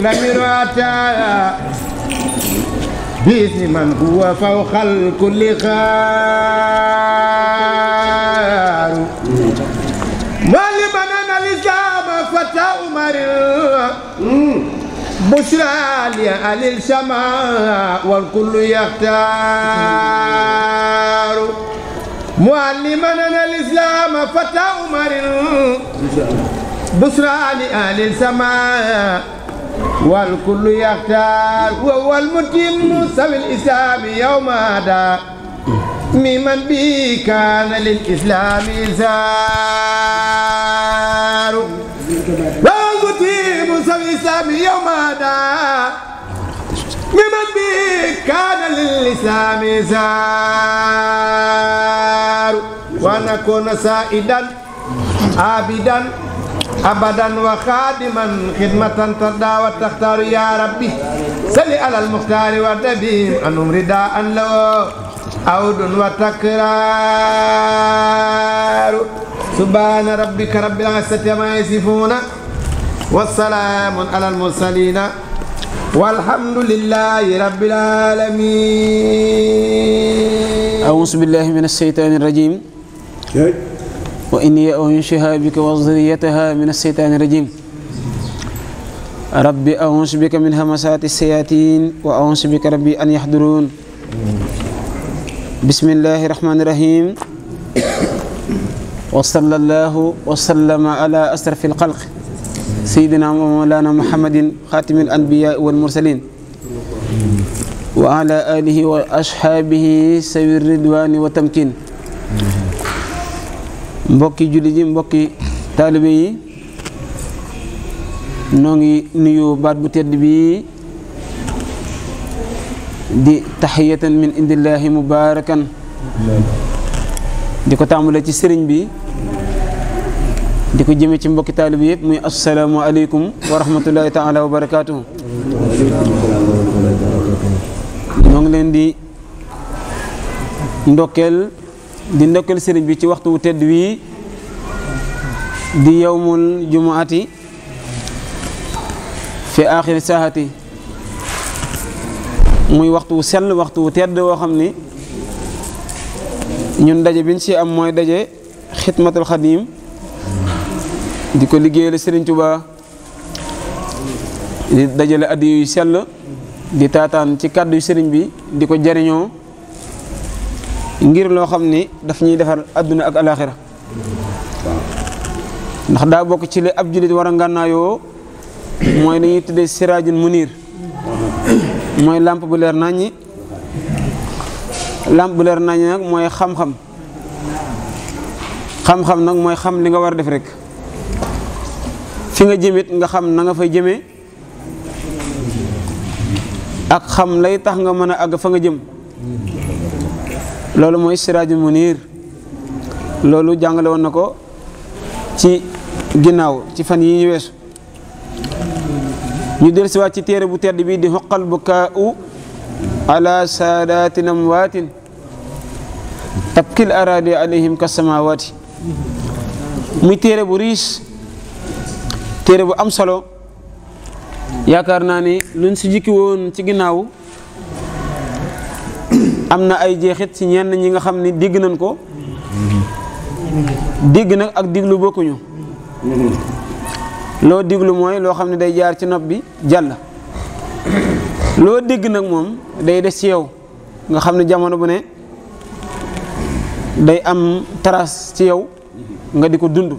لم باسم من هو فوق الكل خار معلما انا لزام فتى عمر بشرى لأهل السماء والكل يختار معلمنا الإسلام فتى عمر بشرى لأهل السماء والكل يختار وهو المتم سوي الإسلام يوم هذا ممن به كان للإسلام زار والمتم سوي الإسلام يوم هذا ممن به كان للإسلام زار كون سائدا عابدا أبدا وخادما خدمة ترضى وتختار يا ربي سل على المختار والنبي أن رداء له عود وتكرار سبحان ربك رب العزة ما يصفون والسلام على المرسلين والحمد لله رب العالمين أعوذ بالله من الشيطان الرجيم وإني أنشها بك وذريتها من الشيطان الرجيم ربي أعوذ بك من همسات السياتين وأعوذ بك ربي أن يحضرون بسم الله الرحمن الرحيم وصلى الله وسلم على أشرف الخلق سيدنا ومولانا محمد خاتم الأنبياء والمرسلين وعلى آله وأصحابه سوي الردوان والتمكين mbokki julli ji mbokki taalibe yi noo ngi nuyu baat bu tedd bi di taxiyatan min indillahi mubaarakan di ko tàmbale ci sëriñ bi di ko jëme ci mbokki taalibe yëpp muy assalaamu aleykum wa rahmatullahi taala wa barakaatuhu noo leen di ndokkeel di ndokkeel sëriñ bi ci waxtu wu tedd wii di yowmul jumuati fi aaxiri saahati muy waxtu wu sell waxtu wu tedd woo xam ni ñun daje biñ si am mooy daje xidmatul xadim di ko liggéeyal sëriñ tubaa di dajale addiya yu sell di taataan ci kàddu sëriñ bi di ko jariñoo ngir lo xamni ni daf ñuy defal aduna ak alakhirah ndax da bok ci li abjulit wara war a ngànnaayoo mooy li munir moy lamp bu leer nañi lamp bu leer nañi nak moy xam-xam xam-xam nak moy xam li nga war def rek fi nga jëmit nga xam na nga fay jëmee ak xam lay tax nga mëna a fa nga jëm lolu moy siraj munir lolu jangale won nako, ci ginaaw ci fan yi ñu wessu ñu wa ci téré bu tedd bi di xoqal bukaau ala sadatin amwatin tabkil aradi alaihim ka samawati mi téré bu ris téré bu am solo yaakaar ni luñ ci jikki won ci am na ay jeexit ci ñen ñi nga xamni ni nañ ko dégg nak ak diglu bokkuñu loo diglu mooy lo xam ne day jaar ci nopp bi jall lo dégg nak mom day des ci yow nga xamni jamono bu ne day am taras ci yow nga diko ko dund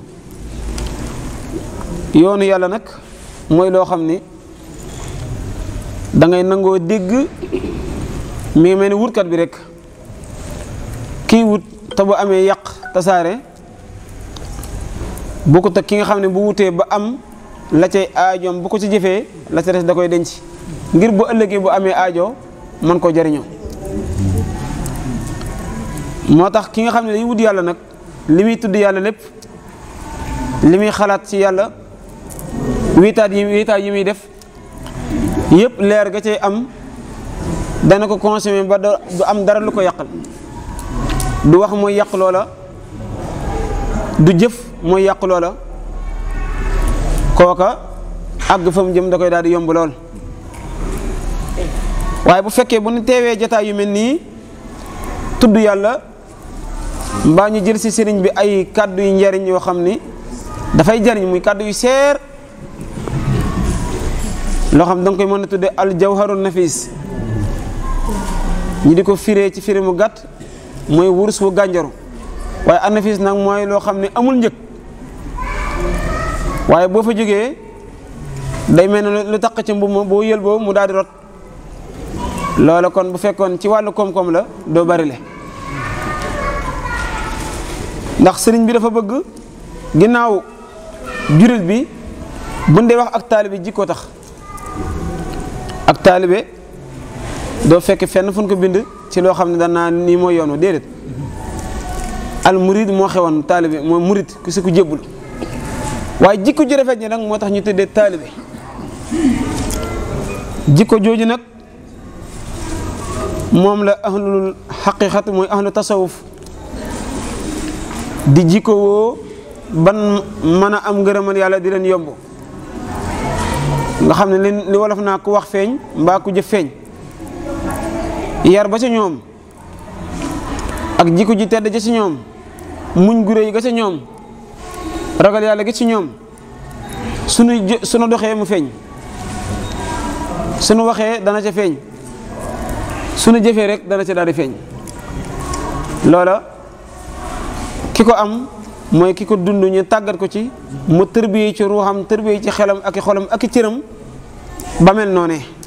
yoonu yalla nak moy lo xamni ni da ngay nango mi ngi mel ni wutkat bi rek kii wut te bu amee yàq tasaare bu ko teg ki nga xam ne bu wutee ba am la cay aajoom bu ko ci jëfee la ca des da koy denc ngir bu ëllëgee bu amee aajo mën koo jariñoo moo tax ki nga xam ne day wut yàlla nag li muy tudd yàlla lépp li muy xalaat ci yàlla wiitaat yi muy def yëpp leer ga cay am dana ko consommer ba du am dara lu ko yakal du wax moy yak lola du jëf moy yak lola koka ag fam jëm da koy daal yomb lol waye bu fekke bu ni tewé jota yu melni tuddu yalla yàlla ñu jël ci sëriñ bi ay kàddu yu njariñ yoo xam ni jariñ muy kàddu yu seer lo xam dang koy mëna tuddé al jawharun nafis ñi di ko firee ci firi mu gàtt mooy wurus bu gànjaru waaye anafis nag mooy loo xam ne amul njëg waaye boo fa jógee day mel ne lu taq ci mbubb moom boo yël mu daal di rot loola kon bu fekkoon ci wàllu koom-koom la doo bari le ndax sëriñ bi dafa bëgg ginnaaw jurit bi buñ dee wax ak taalibe jikkoo tax ak taalibe do fekk fenn fuñ ko bind ci lo xam da na ni mo yoonu dedet al murid mo xewon taalibe mo murid ku si ku jébbul way jikko ji rafet ni nak motax ñu tëddee taalibe jikko joju nak mom la ahlul haqiqat moy ahlut tasawuf di jikko wo ban mana am ngërëmal yalla di len yombu nga xam li wolof na ku wax feñ mba ku jëf feñ yar ba ca ñoom ak jikko ji tedd ja ci ñoom muñ gure yi ga ca ñoom ragal yàlla gi ci ñoom sunu sunu doxee mu feeñ sunu waxee dana ca feeñ sunu jëfee rek dana ca daal di feeñ loola ki ko am mooy ki ko dund ñu tàggat ko ci mu tërbiyee ci ruuxam tërbiyee ci xelam ak i xolam ak i cëram ba mel noonee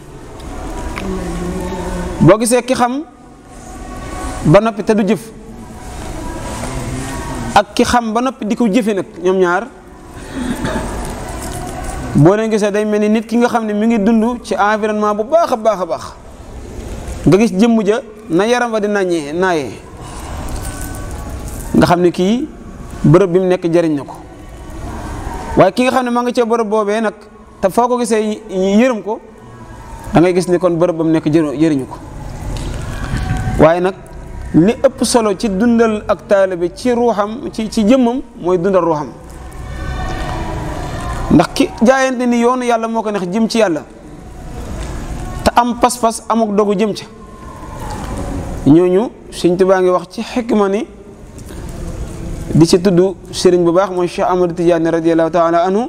boo gisee ki xam ba noppi te du jëf ak ki xam ba noppi di ko jëfe nag ñoom ñaar boo leen gisee day mel ni nit ki nga xam ne mi ngi dund ci environnement bu baax a baax a baax nga gis jëmm ja na yaram wa di naaye naayee nga xam ne kii bërëb bi mu nekk jariñ na ko waaye ki nga xam ne maa ngi cee bërëb boobee nag te foo ko gisee yërëm ko dangay gis ni kon bërëb mu nekk jëriñu ko waaye nag li ëpp solo ci dundal ak taalibe ci ruuxam ci ci jëmmam mooy dundal ruuxam ndax ki jaayante ni yoon yàlla moo ko neex jëm ci yàlla te am pas-pas amuk dogu jëm ca ñooñu Sëñ Tuubaa ngi wax ci xikma di ci tudd sëriñ bu baax mooy Cheikh Amadou Tidiane radiyallahu taala anhu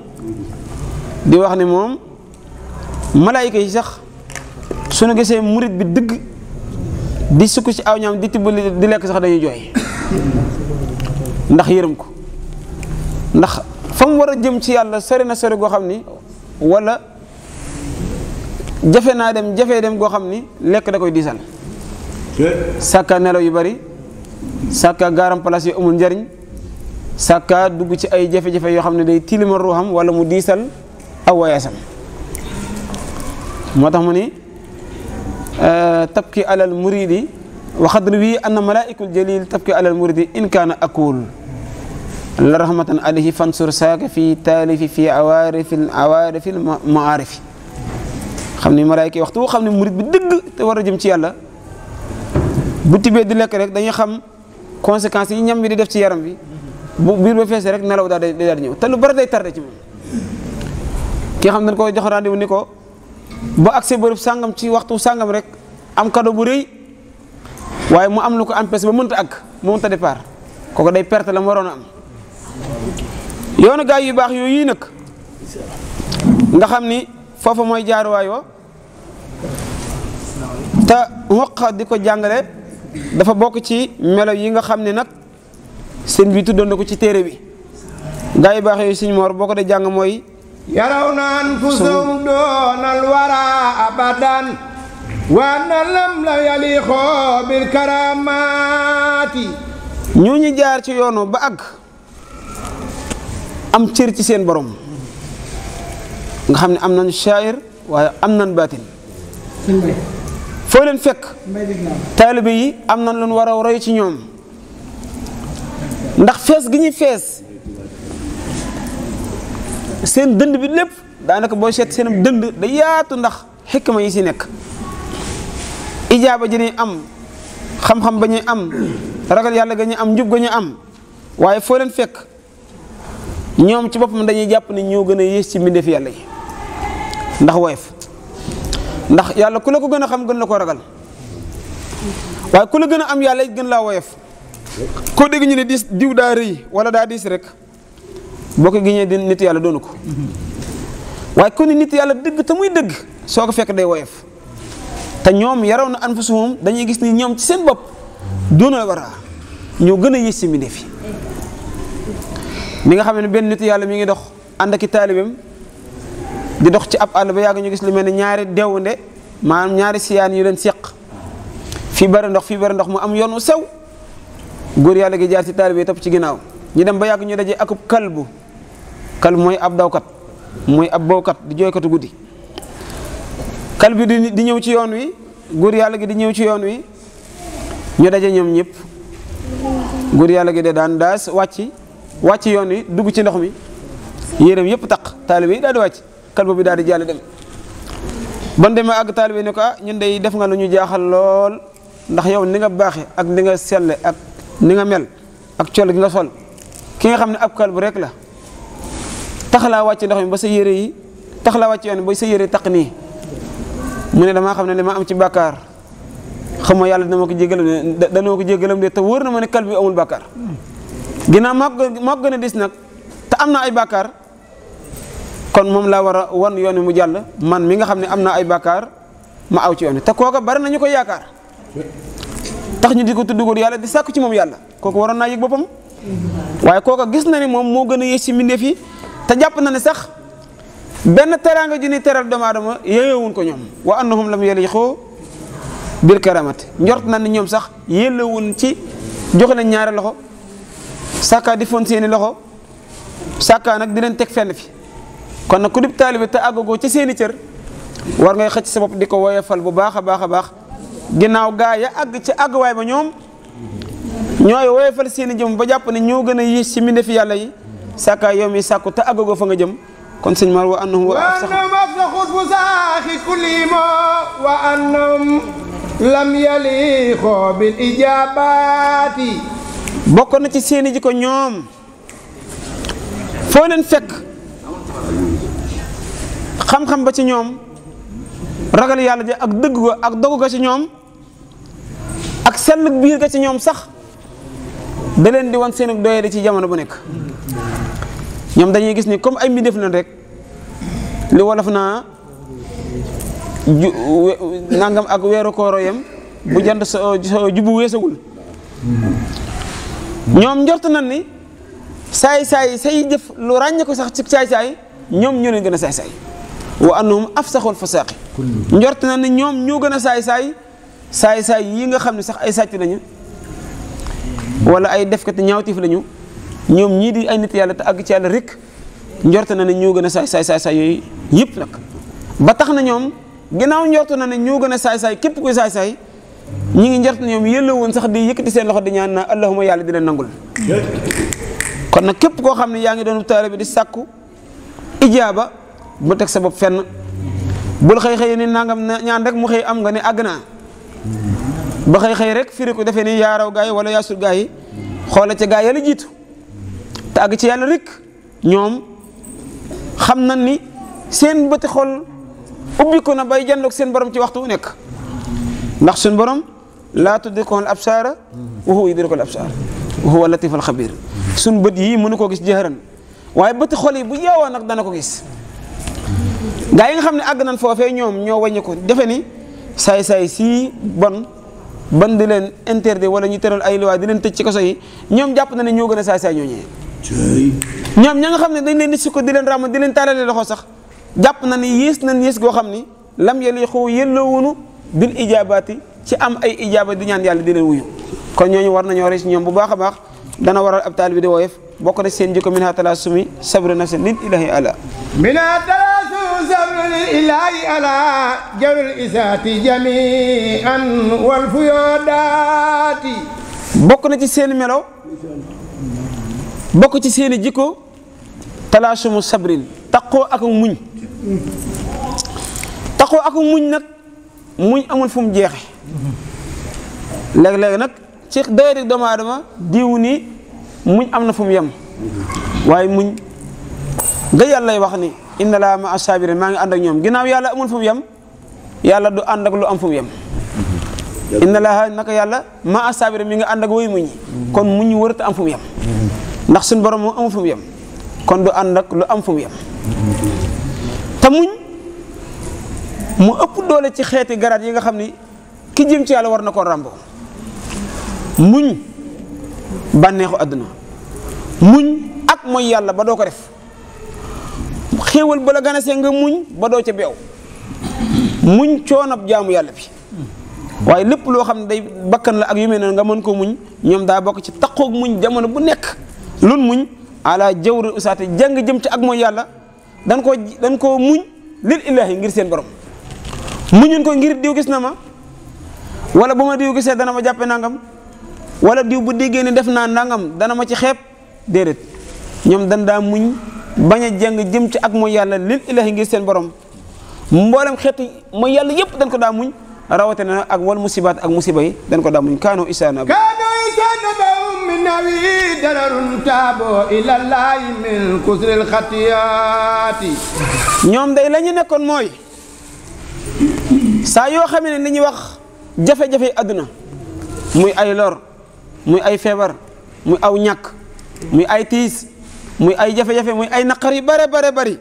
di wax ni moom malaayika yi sax su ñu gisee murit bi dëgg di sukk ci aw ñam di tibb di lekk sax dañuy jooy ndax yërëm ko ndax fa mu war a jëm ci yàlla sori na sori goo xam ni walla jafe naa dem jafe dem goo xam ni lekk da koy diisal sàkka nelaw yu bari sàkka gaaram place yu amul njariñ sàkka dugg ci ay jafe-jafe yoo xam ne day tilima ruuxam wala mu diisal aw wayaasam moo tax mu ni تبكي على المريد وقد روي أن ملائك الجليل تبكي على المريد إن كان أقول لرحمة عليه فانصر ساك في تالف في عوارف العوارف المعارف xam ni malaayka yi waxtu boo xam ne murit bi dëgg te war a jëm ci yàlla bu tibbee di lekk rek dañuy xam conséquences yi ñam bi di def ci yaram bi bu biir ba feesee rek nelaw daal di daal di ñëw te lu bari day tardé ci moom ki xam dañ ko jox rendez-vous ni ko ba accès bërëb sangam ci waxtu sangam rek am cadeau bu reuy waye mu am lu ko empêche ba ta ak ta départ koko day perte la mu waroon am yoonu gaay yu bax yooyu yi nga xamni ni moy jaar wayo ta waqa diko di ko dafa bok ci melo yi nga xamni nak seen bi tuddoon na ko ci téré bi gaa yu baax yooyu suñ moor boo ko يرون أنفسهم دون الورى أبدا وأن لم لا يليق بالكرامات ñu ñi jaar ci yoonu ba àgg am cër ci seen borom nga xam ne am nañ shaayir waaye am nañ baatin foo leen fekk taalibe yi am nañ lu ñu war a ci ñoom ndax fees gi ñuy fees seen dënd bi lépp daanaka boo set seen dënd da yaatu ndax xikma yi si nekk ijaaba ji ñuy am xam-xam ba ñuy am ragal yàlla ga ñuy am njub ga ñuy am waaye foo leen fekk ñoom ci boppam dañuy jàpp ne ñoo gën a yées ci mbindeef yàlla ndax woyof ndax yàlla ku la ko gën a xam gën la ko ragal waaye ku la gën a am yàlla gën laa woyof koo dégg ñu ne diw daa rëy wala daa diis rek boo ko giñee di nit yàlla doonu ko waaye ku ni nit yàlla dëgg te muy dëgg soo ko fekk day woyof te ñoom yaraw na anfusuhum dañuy gis ni ñoom ci seen bopp doonal wara ñoo gën a yées si mbindéef mi nga xam ne benn nit yàlla mi ngi dox ànd ak i di dox ci ab àll ba ñu gis lu mel ne ñaari deewunde maanaam ñaari siyaan yu leen seq fii bari ndox fii bari ndox mu am yoonu sew góor yàlla gi jaar ci taalibe yi ci ginnaaw ñu dem ba yàgg ñu dajee ak kalbu kal mooy ab dawkat mooy ab bawkat di jooykatu guddi kal bi di ñëw ci yoon wi góor yàlla gi di ñëw ci yoon wi ñu daje ñoom ñëpp góor yàlla gi de daan daas wàcc wàcc yoon wi dugg ci ndox mi yéeram yëpp taq taalibe yi daal di wàcc kal bi daal di jàll dem ban demee àgg taalibe ni ko ah ñun day def nga lu ñu jaaxal lool ndax yow ni nga baaxe ak ni nga selle ak ni nga mel ak col gi nga sol ki nga xam ne ab kal bu rek la tax laa wàcc ndox mi ba sa yére yi tax laa wàcc yoon ba sa yére taq nii mu ne damaa xam ne li ma am ci bàkkaar xam ma yàlla dina ma ko jégalam de ko jégalam te wóor na ma ne kal bi amul bàkkaar ginnaaw maa gën a dis nag te am na ay bàkkaar kon moom laa war a wan yoon mu jàll man mi nga xam ne am na ay bàkkaar ma aw ci yoon te kooka bari na ñu koy yaakaar tax ñu di ko tudd yàlla di sàkku ci moom yàlla kooku waroon naa yëg boppam waaye kooka gis na ne a yées ci te jàpp na ne sax benn teraanga ji ni teral doomu aadama yeyewuñ ko ñoom wa annahum lam yaliqu bil karamati njort na ne ñoom sax yellewuñ ci joxe leen ñaari loxo sàkkaa di fon seeni loxo sàkkaa nag di leen teg fenn fi kon nag ku dib taalibe te àggagoo ci seeni cër war ngay xëcc sa bopp di ko fal bu baax a baax a baax ginnaaw gaa ya àgg ci waay ba ñoom ñooy woyefal seeni jëm ba jàpp ne ñoo gën a yées ci mbindeefi yàlla yi sàkkaa yow mi sàkku te àggagoo fa nga jëm kon sëñ Mar wa annahum wa afsaxut bu saaxi kulimo wa annahum lam yaliqo bil ijabaati bokk na ci seeni jikko ñoom foo leen fekk xam-xam ba ci ñoom ragal yàlla ja ak dëgg ga ak dogu ga ci ñoom ak sell biir ga ci ñoom sax da leen di wan seen doye di ci jamono bu nekk ñoom dañuy gis ni comme ay mbindeef lañ rek li wolof naa nangam ak weeru kooro yem bu jant so jubu weesagul ñoom njort na ni saay saay say jëf lu ràññe sax ci saay saay ñoom ñoo leen gën a saay saay njort ñoom ñoo gën a saay saay saay saay yi nga xam ne sax ay sàcc lañu wala ay defkati ñaawtiif lañu ñoom ñii di ay nit yàlla te àgg ci yàlla rek njort na ne ñoo gën a saay saay saay saay yooyu yëpp nag ba tax na ñoom ginnaaw njort na ne ñoo gën a saay saay képp kuy saay saay ñi ngi njort na ñoom yëlla woon sax di yëkkati seen loxo di ñaan naa allahuma yàlla di leen nangul kon nag képp koo xam ne yaa ngi doon taale bi di sàkku ijaaba bu teg sa bopp fenn bul xëy xëy ni nangam na ñaan rek mu xëy am nga ne àgg naa ba xëy xëy rek firi ko defee ni yaa gaa yi wala yaa gaa yi xoola ca gaa yi jiitu te àgg ci yàlla rek ñoom xam nañ ni seen bëti xol ubbi ko na bay jandoog seen borom ci waxtu nekk ndax sun borom laa tudrikuhu al absaara wa huwa yudriku al absaar wa huwa latif al xabiir suñ bët yii mënu koo gis jëhëran waaye bëti xol yi bu yeewoo nag dana ko gis gaa yi nga xam ne àgg nañ foofe ñoom ñoo wàññi ko defe ni saay-saay si bon ban di leen interdit wala ñu tëral ay luwaay di leen tëj ci kaso yi ñoom jàpp na ne ñoo gën a saay-saay ñoo ñëwee ñoom ña nga xam ne dañ leen di sukk di leen ràmm di leen taalale loxo sax jàpp na ni yées nañ yées goo xam ni lam yali xaw yelloowunu bil ijaabaati ci am ay ijaaba di ñaan yàlla di leen wuyu kon ñooñu war nañoo rees ñoom bu baax a baax dana war ab taal bi di woyof bokk na seen jikko min ha tala sumi sabru nafsin lil ilahi ala min ha tala sumi sabru lil ilahi bokk na ci seen melo bokk ci seeni jikko talaasumu sabrin taqoo ak muñ taqoo ak muñ nag muñ amul fu mu jeexe léeg-léeg nag ci dayari doomu aadama diw nii muñ am na fu mu yem waaye muñ nga yàllay wax ni inna laa ma asaabirin maa ngi ànd ñoom ginaaw yàlla amul fu mu yem yàlla du ànd ak lu am fu mu yem laa naka yàlla ma asaabirin mi nga ànd ak muñ kon muñ wërata am fu mu ndax suñ borom moom amu mu kon du ànd lu am fu mu yem ëpp doole ci xeeti garaat yi nga xam ni ki jëm ci yàlla war na koo ràmboo muñ bànneexu àdduna muñ ak mooy yàlla ba doo ko def xéewal ba la ganasee nga muñ ba doo ca beew muñ coonab jaamu yàlla bi waaye lépp loo xam ne day bakkan la ak yu mel noonu nga mën koo muñ ñoom daa bokk ci taqoog muñ jamono bu nekk lun muñ ala jawri usaati jàng jëm ci ak mooy yàlla dan koo dan koo muñ lil illaahi ngir seen borom muñun ko ngir diw gis na ma wala bu ma diw gisee dana ma jàppe nangam wala diw bu déggee ne def naa nangam dana ma ci xeeb déedéet ñoom dan daa muñ bañ a jàng jëm ci ak mooy yàlla lil illaahi ngir seen borom mboolem xeeti mooy yàlla yëpp dañ ko daa muñ rawatina ak wal musibaat ak musiba yi dañ ko damuñ kaano isaana nawi dararun taabo ilallahi min kusril xatiyaati ñoom day la nekkoon mooy saa yoo xam ne li ñuy wax jafe-jafe àdduna muy ay lor muy ay feebar muy aw ñàkk muy ay tiis muy ay jafe-jafe muy ay naqar yu bare bare bari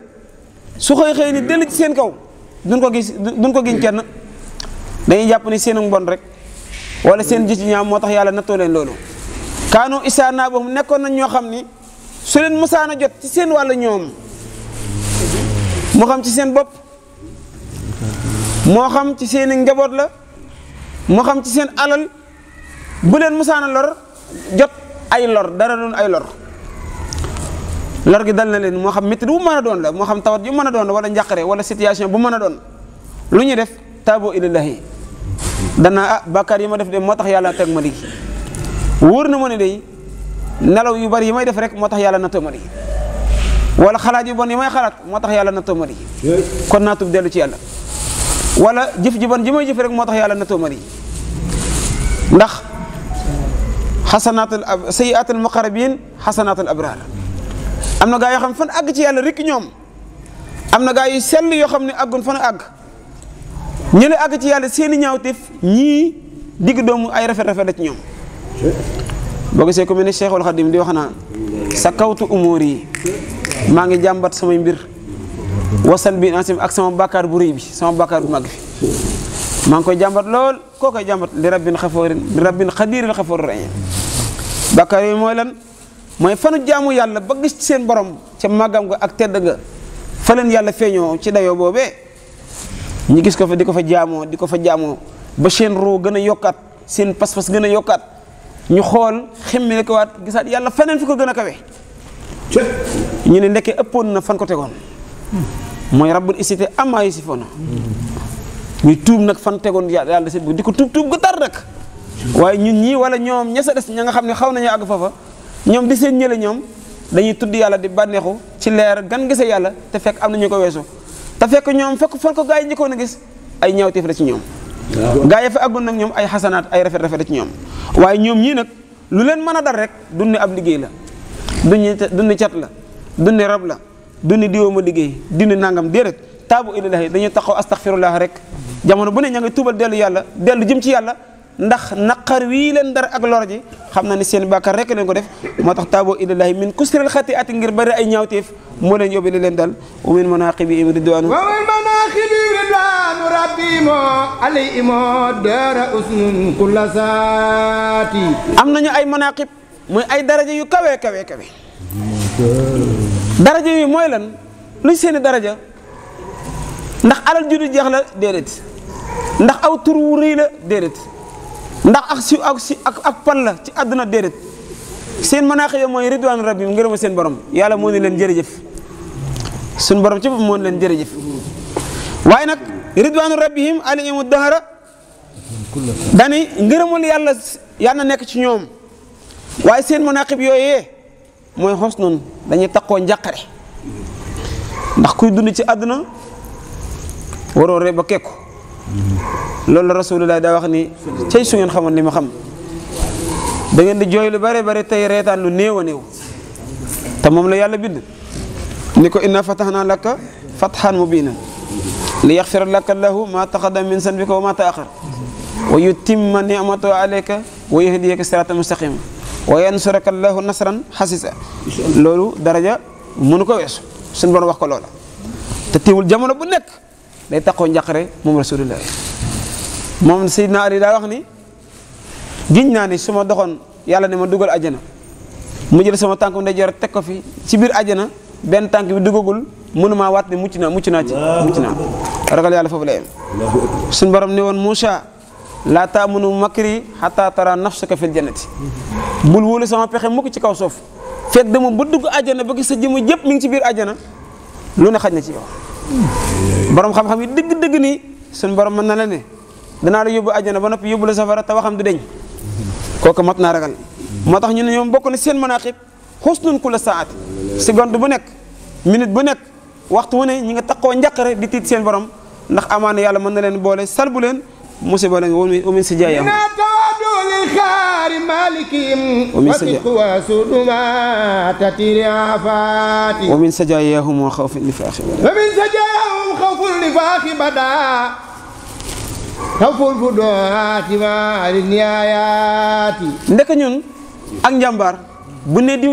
su xëy xëy ni dellu seen kaw duñ ko gis ko giñ kenn dañuy jàpp ni seen mbon rek wala seen ji ci ñaam moo tax yàlla nattoo leen loolu kaanu isaa naa boobu nekkoon na ñoo xam ni su leen musaan jot ci seen walla ñoom moo xam ci seen bopp moo xam ci seen njaboot la moo xam ci seen alal bu leen musaan a lor jot ay lor dara doon ay lor lor gi dal leen moo xam métti bu mën a doon la moo xam tawat yu mën a doon la wala njàqare wala situation bu mën a doon lu ñuy def taabo ilallahi danaa ah bàkkaar yi ma def de moo tax yàlla teg ma lii wóor na ma ne day nelaw yu bari yi may def rek moo tax yàlla nattoo ma lii wala xalaat yu bon yi may xalaat moo tax yàlla nattoo ma lii kon naa tub dellu ci yàlla wala jëf ji bon ji may jëf rek moo tax yàlla nattoo ma lii ndax xasanaatul ab sayyiaatul muqarrabiin xasanaatul abraar am na gaa yoo xam fan àgg ci yàlla rek ñoom am na gaa yu sell yoo xam ne àggun fan àgg. ñële àgg ci yàlla seeni ñaawteef ñii digg doomu ay rafet rafet la ci ñoom boo gisee ku mel ne Cheikhul di wax naa sa kawtu umóor yi maa ngi jàmbat samay mbir wasan bi ansim ak sama bàkkaar bu rëy bi sama bàkkaar bu mag bi maa ngi koy jàmbat lool koo jàmbat li rabbin xafoorin li rabbin xadiiril xafoor rañe bàkkaar yooyu mooy lan mooy fanu jaamu yàlla ba gis seen borom ca màggam ga ak tedd ga fa yàlla feeñoo ci dayoo boobee ñu gis ko fa di ko fa jaamoo di ko fa jaamoo ba seen roo gën a yokkaat seen pas-pas gën a yokkaat ñu xool xemme ko waat gisaat yàlla feneen fi ko gën a kawe ñu ne ndekkee ëppoon na fan ko tegoon mooy rabbul isité amaa yasifoona ñu tuub nag fan tegoon yàlla de set bu di ko tuub tuub gu tar nag waaye ñun ñii wala ñoom ña sa des ña nga xam ne xaw nañu àgg foofa ñoom di seen ñële ñoom dañuy tudd yàlla di bànneexu ci leer gan gise yàlla te fekk am na ñu ko weesu te fekk ñoom fekk fan ko gaa yi njëkkoon a gis ay ñaawteef la ci ñoom gaa yi ak àggoon nag ñoom ay xasanaat ay rafet rafet la ci ñoom waaye ñoom ñii nag lu leen mën a dar rek dunne ab liggéey la dunne dunne cat la dunne rab la dunne diwóoma liggéey dunne nangam déedéet taabu ilallahi dañuy taxaw astaxfirullah rek jamono bu ne ña ngay tuubal dellu yàlla dellu jëm ci yàlla ndax naqar wi len dar ak lor ji xam ni sen bakkar rek len ko def motax tabu taabo ilallahi min kusril khati'ati ngir bari ay ñawteef mo len yóbbu len dal wa min manaqibi ridwanu wa min manaqibi ridwanu alay alayhimo dara usnun kullasati amna ñu ay manaqib muy ay daraja yu kawe kawe kawe daraja yi moy lan lu sen daraja ndax alal ju jeex la dedet ndax aw tur wu rëy la déedéet ndax ak si ak si ak ak pan la ci àdduna déedéet seen manaaxib mooy ridwaan rabbi ngërëma seen borom yàlla moo ne leen jërëjëf suñ borom ci boppam moo ne leen jërëjëf waaye nag ridwaanu rabbihim alimu dahra dani ngërëmul yàlla yàlla nekk ci ñoom waaye seen manaaxib yooyee mooy xos noonu dañuy takkoo njàqare ndax kuy dund ci àdduna waroo ree ba loolu la rasulullah daa wax ni cey su ngeen xamoon li ma xam da ngeen di jooy lu bare bare tey reetaan lu néew a néew te moom la yàlla bind ni ko inna fatahnaa laka fathan mubinan li yaxfira laka lahu ma taqadama min sanbika wa ma taaxar wa yutimma nicmatahu alayka wa yahdiyaka siratan mustaqima wa yansuraka llahu nasran xasisa loolu daraja mënu ko weesu suñu borom wax ko loola te teewul jamono bu nekk day takko njaqare mom rasulullah mom sayyidina ali da wax ni giñ na ni suma doxon yalla ne ma duggal aljana mu jël sama tànk ndeyjoor teg ko fi ci bir aljana ben tank bi dugagul munuma wat ni muccina muccina ci muccina ragal yalla fofu lay am sun borom ne won musa la ta'munu makri hatta tara nafsaka fil jannati bul wóolu sama pexé mukk ci kaw sof fek dama ba dugg aljana ba gi sa mi ngi ci bir aljana lu ne ci wax borom xam-xam yi dëgg dëgg nii suñ borom mën na la ne danaa la yóbbu àjjana ba noppi yóbbu safara te waxam du deñ kooku mat naa ragal moo tax ñu ne ñoom bokk na seen manaqib xusnun ku la saati seconde bu nekk minute bu nekk waxtu wu ne ñi nga takkoo njàqare di tiit seen borom ndax amaana yàlla mën na leen boole salbu leen musiba la womi umi si jaay am الخار مالكهم وتقوى سلما تتري عفاتي ومن سجاياهم وخوف النفاق ومن سجاياهم خوف النفاق بدا خوف الفدوات ما للنهايات ndek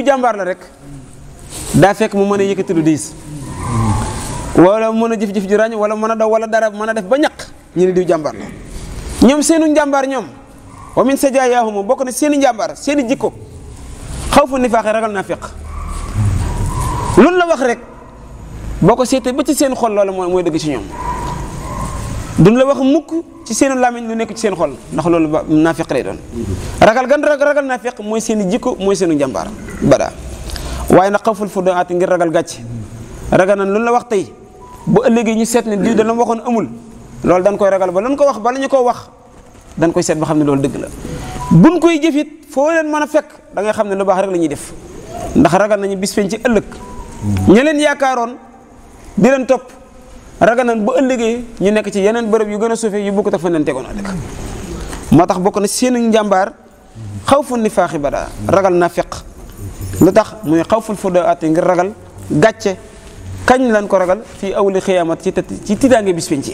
jambar rek wala meuna jëf jëf ju rañ wala meuna daw wala dara meuna def ba ñak ñi diw jambar la ñoom seenu njàmbaar ñoom wa min sajaayaahum bokk na seeni njàmbaar seeni jikko xaw fa nifaaxee ragal naa feq loolu la wax rek boo ko seetee ba ci seen xol loola mooy mooy dëgg ci ñoom duñ la wax mukk ci seen làmmiñ lu nekk ci seen xol ndax loolu ba naafeq lay doon ragal gan ragal naafeq mooy seen jikko mooy seenu njàmbaar badaa waaye nag xawful fudaati ngir ragal gàcc ragal nan lu la wax tey bu ëllëgee ñu seet ne diw da la waxoon amul loolu dañ koy ragal ba lu ñu ko wax bala ñu ko wax dañ koy seet ba xam ne loolu dëgg la buñ koy jëfit foo leen mën a fekk da ngay xam ne lu baax rek la ñuy def ndax ragal ñu bis feeñ ci ëllëg ña leen yaakaaroon di leen topp ragal nañ ba ëllëgee ñu nekk ci yeneen bërëb yu gën a suufee yu bokkut ak fan leen tegoon a moo tax bokk na seen njàmbaar xaw fu ni faaxi daa ragal na feq lu tax muy xaw ful fu ngir ragal gàcce kañ lañ ko ragal fii awli xiyaamat ci ci tidaange bis penci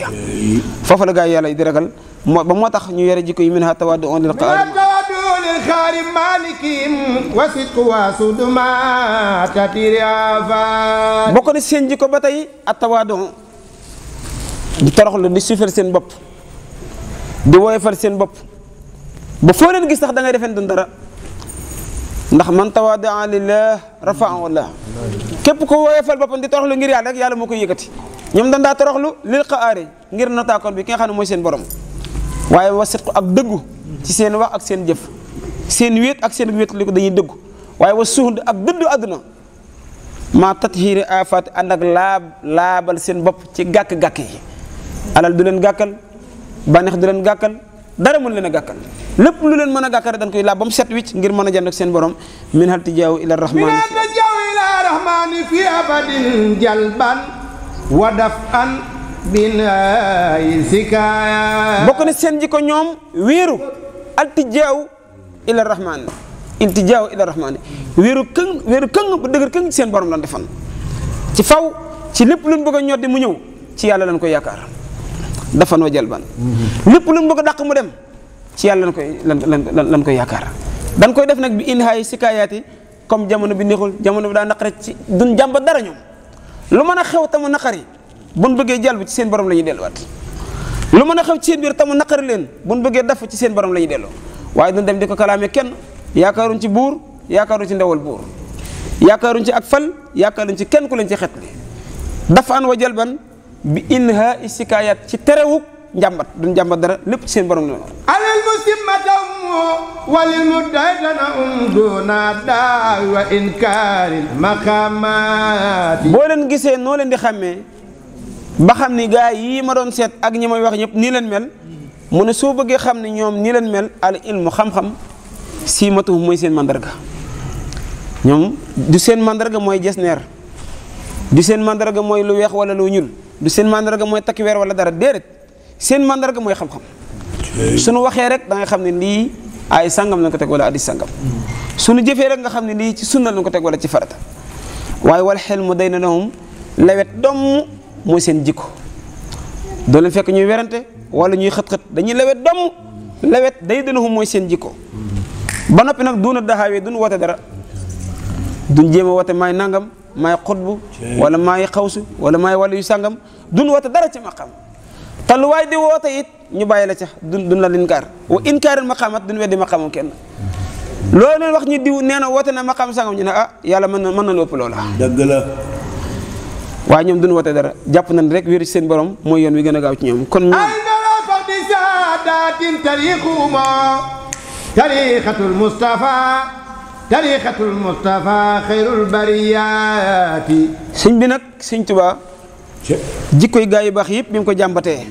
foofu la gaa yi di ragal moo ba moo tax ñu yore jikko yi min ha tawaddu on lil xaari malikim wasit ku waasuduma tatiri afaat bokk na seen jikko ba tey at tawaddu di toroxlu di suufeel seen bopp di woyofal seen bopp ba foo leen gis sax da ngay defeen dara ndax man tawaadaa lillah rafaahu llah képp ko woyofal boppam di toroxlu ngir yàlla rek yàlla moo koy yëkkati ñoom dañ daa toroxlu lil qaari ngir notaakoon bi ki nga xam ne mooy seen borom waaye wasidqu ak dëggu ci seen wax ak seen jëf seen wéet ak seen wéet li ko dañuy dëggu waaye wa suhd ak dëddu àdduna maa tathiiri afaat ànd ak laab laabal seen bopp ci gàkk-gàkk yi alal du leen gàkkal bànneex du dara mën leena gakkal lepp lu leen mën a gàkkal dañ koy la bam set wicc ngir mën a ak seen borom min hal tijaw ila rahman min hal tijaw ila rahman fi abadin jalban wa daf'an bin isika bokku ne seen jiko ñom wiru al tijaw ila rahman il tijaw ila rahman wiru keng wiru keng bu dëgër keng seen borom lan defan ci faw ci lépp luñ bëgg ñoddi mu ñew ci yalla lan ko yakkar dafa noo jël ban lépp lu mu bëgg a mu dem ci yàlla lan koy lan lan lan koy yaakaar dañ koy def nag bi inhaay sikaayaati comme jamono bi neexul jamono bi daa naqare ci duñ jàmba dara ñoom lu mën a xew tamu naqari nu bëggee jàll ci seen borom la ñuy delluwaat lu mën a xew ci seen biir tamu naqari leen buñ bëggee daf ci seen borom la ñuy delloo waaye duñ dem di ko kalaamee kenn yaakaaruñ ci buur yaakaaruñ ci ndawal buur yaakaaruñ ci ak fal yaakaaruñ ci kenn ku leen ci xet bi inha isikayat ci terewuk njambat du njambat dara lepp seen borom la alal muslim matam walil mudaitana um da wa inkaril maqamat bo len gisee no len di xamé ba xamni gaay yi ma don set ak ñi may wax ñep ni len mel mu ne so bëggee xamni ñom ni len mel al ilmu xam-xam siimatu moy seen mandarga ñom du seen mandarga moy jesner du seen mandarga moy lu wex wala lu ñul lu seen mandarga mooy takki weer wala dara déedéet seen mandarga mooy xam-xam suñu waxee rek da nga xam ne lii ay sangam lañ ko teg wala addis su nu jëfee rek nga xam ne lii ci sun na lañ ko teg wala ci farata waaye wal xel mu day na lahum lawet domm mooy seen jikko doo leen fekk ñuy werante wala ñuy xët-xët dañuy lawet domm lawet day dana hum mooy seen jikko ba noppi nag duuna daxaawee duñ woote dara duñ jéem a woote maay nangam maay xutbu wala maay xawsu wala maay wàllu yu sàngam duñ woote dara ci maqaam te lu waay di woote it ñu bàyyi la ca duñ duñ la linkaar wa inkaaril maqaamat duñ weddi maqaamam kenn loolu na wax ñu diw nee na woote na maqaam sàngam ñu na a ah, yàlla man na mën na lu ëpp loola dëgg la waaye ñoom duñ woote jàpp nañ rek wéeru seen borom mooy yoon wi gën a gaaw ci ñoom kon ñoom ay tariquma tariqatul Mustafa tariqatul Mustafa xayrul bariyaati. sëñ bi nag sëñ Tuubaa. jikkoy gaa yu baax yëpp ko jàmbatee.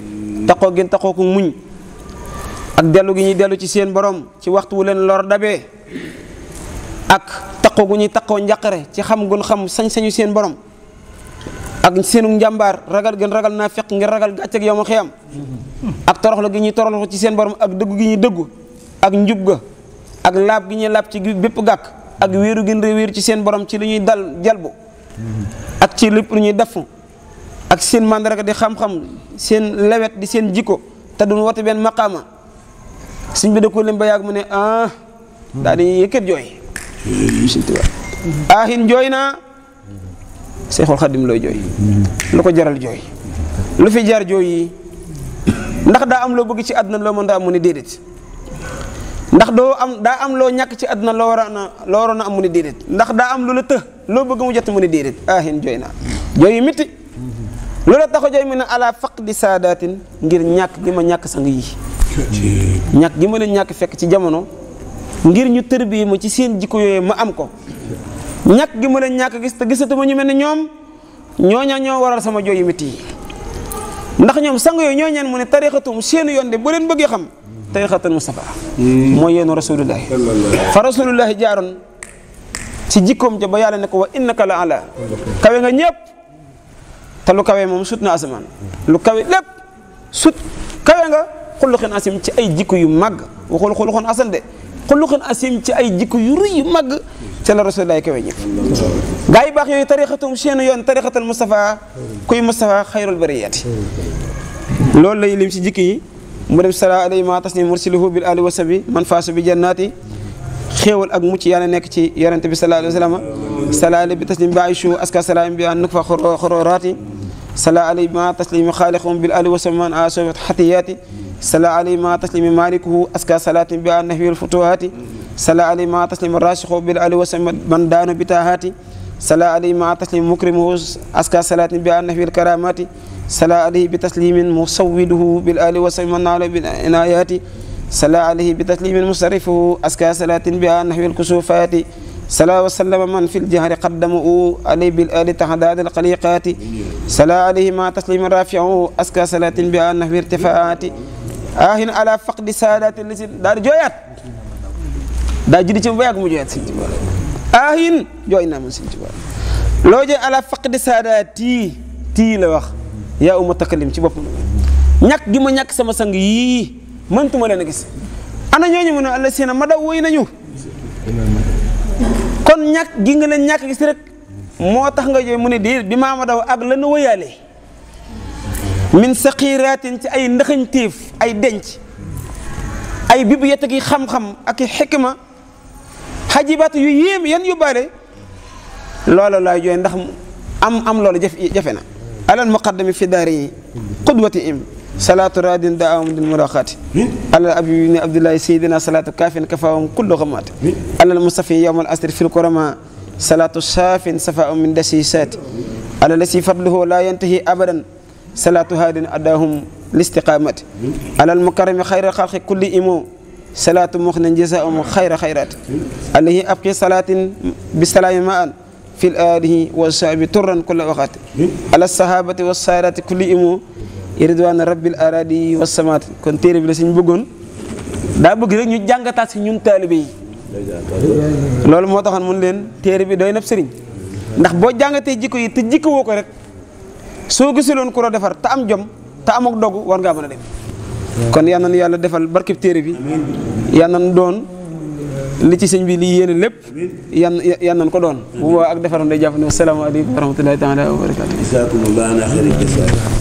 taxoo gën taxoo ko muñ. ak dellu gi ci borom ci waxtu wu lor dabe. ak taxoo gu ñuy taxoo njàqare ci xam gun xam sañ-sañu seen borom. ak seenu njàmbaar ragal gën ragal naa ngir ragal gàcce ak yow ma xiyam. ak toroxla gi ñuy toroxla ci seen borom ak dëggu gi ak ak laab gi ñuy laab ci bépp gàkk ak wéeru gën a wéeru ci seen borom ci li ñuy dal jalbu ak ci lépp lu ñuy def ak seen màndarga di xam-xam seen lewet di seen jikko te duñ woote benn maqaama suñ bi da ko lim ba yàgg mu ne ah daal di yëkkat jooy aahin jooy naa Seexul Xadim looy jooy lu ko jaral jooy lu fi jar jooy yi ndax daa am loo bëgg ci àdduna loo mën daa mu ne déedéet ndax doo am daa am loo ñàkk ci àdduna loo waroon a loo am mu ne déedéet ndax daa am lu la të loo bëgg mu jot mu ne déedéet ahin jooy naa jooy yi métti lu tax a jooy mu ne ala faq di ngir ñàkk gi ma ñàkk sang yi ñàkk gi ma leen ñàkk fekk ci jamono ngir ñu tër bii ma ci seen jikko yooyu ma am ko ñàkk gi ma leen ñàkk gis te gisatuma ñu mel ni ñoom ñoo ñooña ñoo waral sama jooy yu métti yi ndax ñoom sang yooyu ñoo ñeen mu ne tariqatum seenu yoon de bu leen bëggee xam طريقة المصطفى موين رسول الله فرسول الله جار تجيكم جبايا لنك وإنك لعلى كوي نيب تلو كوي مم سوتنا أسمان لو كوي لب سوت كوي نغا كل خن أسيم تي أي جيكو يمغ وكل كل خن أسند كل خن أسيم تي أي جيكو يري يمغ تلا رسول الله كوي نيب غاي باخ يو طريقة مشينا يو طريقة المصطفى كوي مصطفى خير البريات لول لي لي مشي جيكي mu dem sara alay ma tasni mursiluhu bil ali wasabi man faasu bi jannaati xéewal ak mucc yàlla nekk ci yonente bi sallallahu alayhi wa sallam sala alay bi tasnim ba ayshu aska salaam bi an nukfa xororaati sala alay ma taslimi xaaliqum bil ali wasabi man asobat xatiyaati sala alay ma taslimi malikuhu aska salaatin bi an nahwi alfutuhaati sala alay ma taslimi rasixu bil ali wasabi man daanu bitahaati sala alay ma taslimi mukrimuhu aska salaatin bi an nahwi alkaraamaati صلى عليه بتسليم مصوده بالآل وسلم والنال بالعنايات صلى عليه بتسليم مصرفه أسكى صلاة بها نحو الكسوفات صلى وسلم من في الجهر قدموا عليه بالآل تحداد القليقات صلى عليه ما تسليم رافعه أسكى صلاة بها نحو ارتفاعات آه على فقد سادات التي دار جويات دار جدي وياك مجويات آه جوينا من سنجبال لوجه على فقد ساداتي تي لوخ yaa uma takkalim ci boppam ñàkk gi ma ñàkk sama sang yii mëntuma leen a gis ana ñooñu mu ne alla sina ma daw woy nañu kon ñàkk gi nga leen ñakk gis rek moo tax nga jooy mu ne déedéet bi maa ma daw ak lanu wëyaale min saqiratin ci ay ndaxañtéef ay denc ay bibiyat ak xam-xam ak i xikma xajibaat yu yéem yan yóbbaale loola laay jooy ndax am am loolu jafe jafe na على المقدم في قدوتي قدوتهم صلاة راد دعاهم للمراقات على أبي بن عبد الله سيدنا صلاة كاف كفاهم كل غمات على المصطفى يوم الأسر في الكرماء صلاة صاف صفاء من دسيسات على الذي فضله لا ينتهي أبدا صلاة هاد أداهم الاستقامة على المكرم خير الخلق كل إمو صلاة مخن جزاء خير خيرات عليه أبقي صلاة بسلام معا في الآله والصحب طرا كل وقت على الصحابة والسائرات كل إمو ridwaan rabbil araadi wasamaat kon téere bi la suñ bëggoon daa bëgg rek ñu jàngataat si ñun taalibe yi moo taxan mun leen téere bi doy nab sëriñ ndax boo jàngatee jikko yi te jikko woo ko rek soo gisuloon ku la defar te am jom te am ak dogu war ngaa mën dem kon yal na defal barkib téere bi yal doon li ci sëñ bi li yéene lépp yan yan nañ ko doon bu boobaa ak defaroon day jàpp ne asalaamaaleykum wa rahmatullahi taala wa barakatu